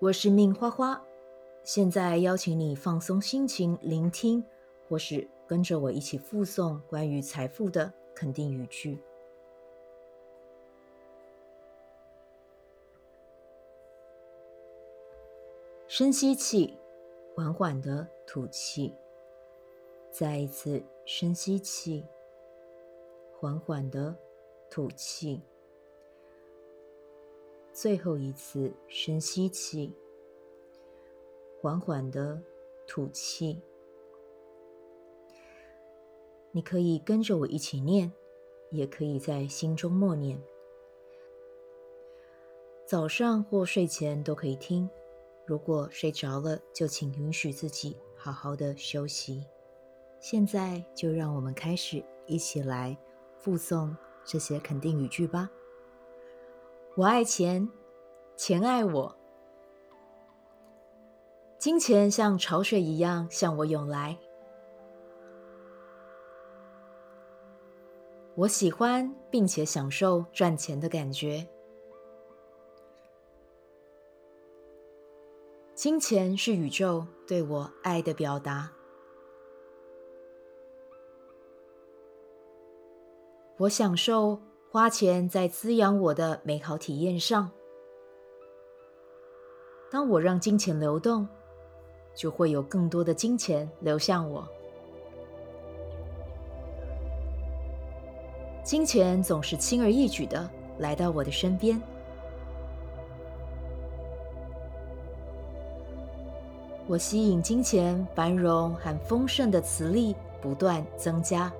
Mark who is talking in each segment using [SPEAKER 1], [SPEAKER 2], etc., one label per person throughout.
[SPEAKER 1] 我是 Min 花花，現在邀請你放鬆心情，聆聽，或是跟着我一起複誦關於財富的肯定語句。深吸氣，緩緩地吐氣，再一次深吸氣，緩緩地吐氣。最後一次深吸氣，緩緩的吐氣。你可以跟着我一起念，也可以在心中默念。早上或睡前都可以聽，如果睡着了，就請允許自己好好的休息。現在就讓我們開始一起來複誦這些肯定語句吧。我愛錢，錢愛我。金錢像潮水一樣向我湧來，我喜歡並且享受賺錢的感覺。金錢是宇宙對我愛的表達，我享受。花錢在滋養我的美好體驗上。當我讓金錢流動，就會有更多的金錢流向我。金錢總是輕而易舉的來到我的身邊。我吸引金錢繁榮和豐盛的磁力不斷增加。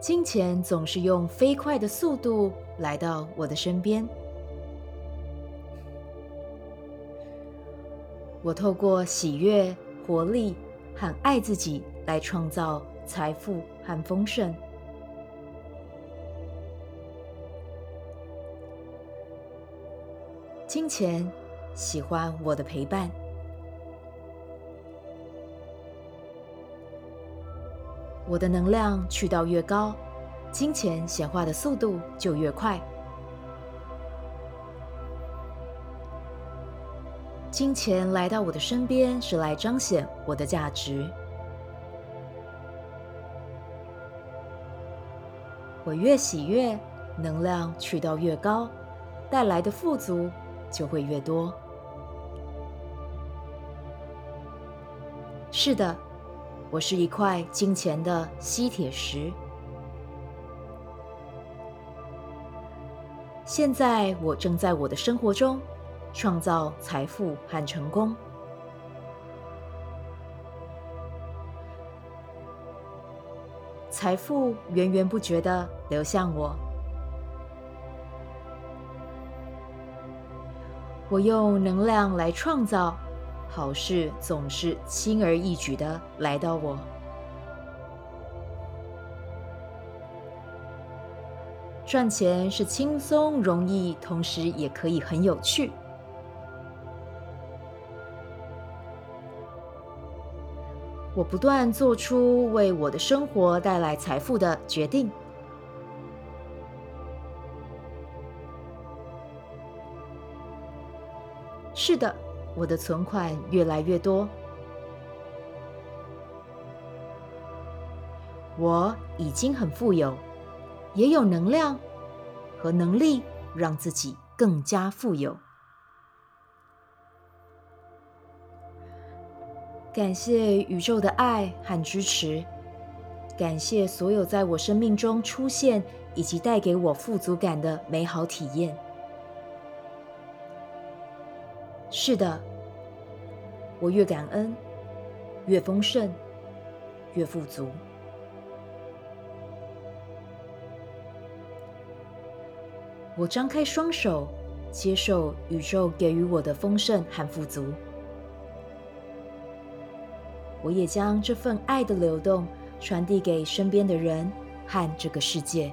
[SPEAKER 1] 金錢總是用飛快的速度來到我的身邊。我透過喜悅、活力和愛自己來創造財富和豐盛。金錢喜歡我的陪伴。我的能量去到越高，金錢顯化的速度就越快。金錢來到我的身邊，是來彰顯我的價值。我越喜悅，能量去到越高，帶來的富足就會越多。是的。我是一塊金錢的吸鐵石。現在我正在我的生活中創造財富和成功，財富源源不絕的流向我。我用能量來創造。好事總是輕而易舉的來到我。賺錢是輕鬆容易，同時也可以很有趣。我不斷做出為我的生活帶來財富的決定。是的。我的存款越來越多，我已經很富有，也有能量和能力讓自己更加富有。感謝宇宙的愛和支持，感謝所有在我生命中出現以及帶給我富足感的美好體驗。是的。我越感恩，越豐盛，越富足。我張開雙手，接受宇宙給予我的豐盛和富足。我也將這份愛的流動傳遞給身邊的人和這個世界。